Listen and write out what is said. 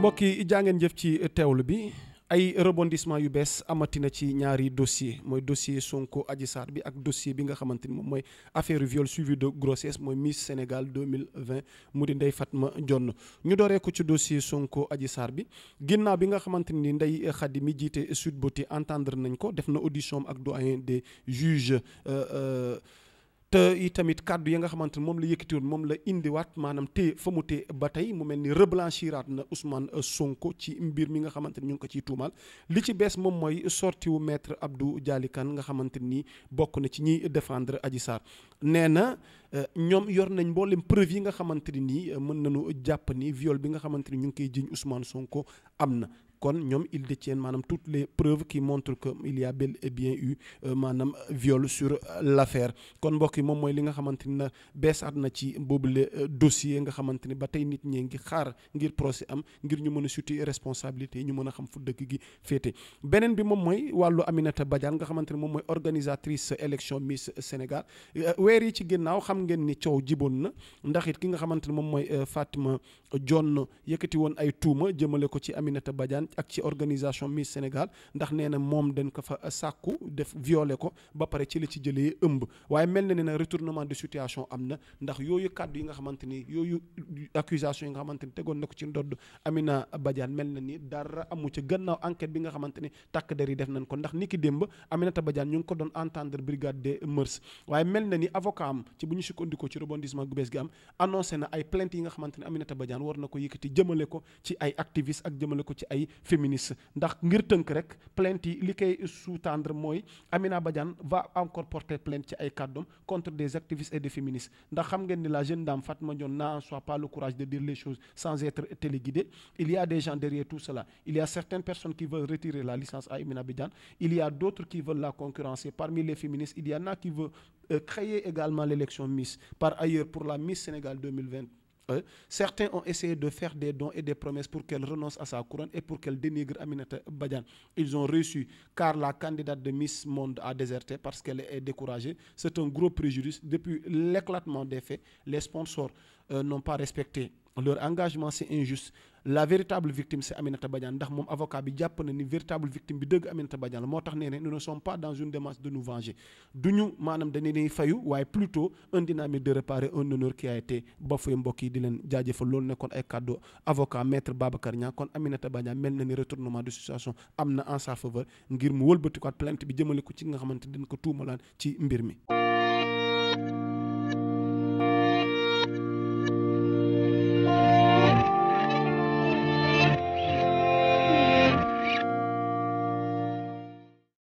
mbokk yi jàngeen jëf ci teewlu bi ay rebondissement yu bees amati na ci ñaari dossier mooy dossier Sonko Adji Sarr bi ak dossier bi nga xamante ni moom mooy affaire viol suivi de grossesse mooy Miss Sénégal 2020 mu di Ndeye Fatma Dione ñu dooree ko ci dossier Sonko aji Sarr bi ginnaaw bi nga xamante ni Ndeye Khady mi jiite Sweet Beauté entendre nañ ko def na audition ak doyen des juges euh, euh, te i tamit kàddu yi nga xamante ne moom la yëkkatiwoon moom la indiwaat maanaam te fa mu ba tey mu mel ni reblanchiraat na Ousmane Sonko ci mbir mi nga xamante ni ñu ngi ko ciy tuumaal li ci bees moom mooy sorti wu maître Abdou jaalikaan nga xamante ni bokk na ci ñiy défendre Adji Sarr nee na euh, ñoom yor nañ mboolem preuve yi nga xamante ni mën nañu jàpp ni viole bi nga xamante ni ñu ngi koy jiñ Ousmane Sonko am na kon ñoom ils détiennent maanaam toutes les preuves qui montrent que il y a bien eu euh, maanaam viol sur euh, l'affaire kon mbokk yi moom mooy li nga xamante ni na beesaat na ci boobule euh, dossier nga xamante ni ba tey nit ñee ngi xaar ngir procès am ngir ñu mën a situer responsabilité yi ñu mën a xam fu dëkk gi féete beneen bi moom mooy wàllu Aminata Badiane nga xamante ni moom mooy organisatrice élection Miss Sénégal weer yi ci ginnaaw xam ngeen ni coow jiboon na ndax it ki nga xamante ni moom mooy Fatima Dione yëkkati woon ay tuuma jëmale ko ci Aminata Badiane ak ci organisation Miss Sénégal ndax nee na moom dañ ko fa sàkku def violé ko ba pare ci la ci jëlee ëmb waaye mel na ne nag retournement de situation am na ndax yooyu kàddu yi nga xamante ni yooyu accusation yi nga xamante ni tegoon na ko ci ndodd Amina Badiane mel na ni dara amu ca gannaaw enquête bi nga xamante ni takk der yi def nañ ko ndax niki démb Aminata Badiane ñu ngi ko doon entendre brigade des mœurs waaye mel na ni avocat am ci bu ñu sukkandikoo ci rebondissement gu bees gi na ay plainte yi nga xamante ni Aminata Badiane war na ko yëkkati jëmale ko ci ay activistes ak jëmale ko ci ay féministe ndax ngir tënk rek plainte yi li koy sous-tendre mooy Amina Badiane va encore porter plainte ci ay kàddoom contre des activistes et des féministes ndax xam ngeen ni la jeune dame Fatma Dione n'a en soi pas le courage de dire les choses sans être téléguidée il y a des gens derrière tout cela il y a certaines personnes qui veulent retirer la licence à Amina Badiane il y a d'autres qui veulent la concurrencer parmi les féministes il y en qui veulent euh, eux. Certains ont essayé de faire des dons et des promesses pour qu'elle renonce à sa couronne et pour qu'elle dénigre Aminata Badian. Ils ont réussi car la candidate de Miss Monde à déserté parce qu'elle est découragée. C'est un gros préjudice. Depuis l'éclatement des faits, les sponsors euh, n'ont pas respecté leur engagement c'est injuste la véritable victime c'est Aminata Badiane ndax moom avocat bi jàpp na ni véritable victime bi dëgg Aminata Badiane la moo tax nee ne ne sommes pas dans une démarche de nous venger du ñu maanaam dañu ne waaye plutôt un dynamique de réparer un honneur qui a été mbokk yi di leen jaajëfal loolu nekkoon ay kàddu avocat maître Babacar Niang kon Aminata Badiane mel na ni retournement de situation am na en sa faveur ngir mu wëlbatikuwaat plainte bi jëmale ko ci nga xamante dañ ko tuumalaan ci mbir mi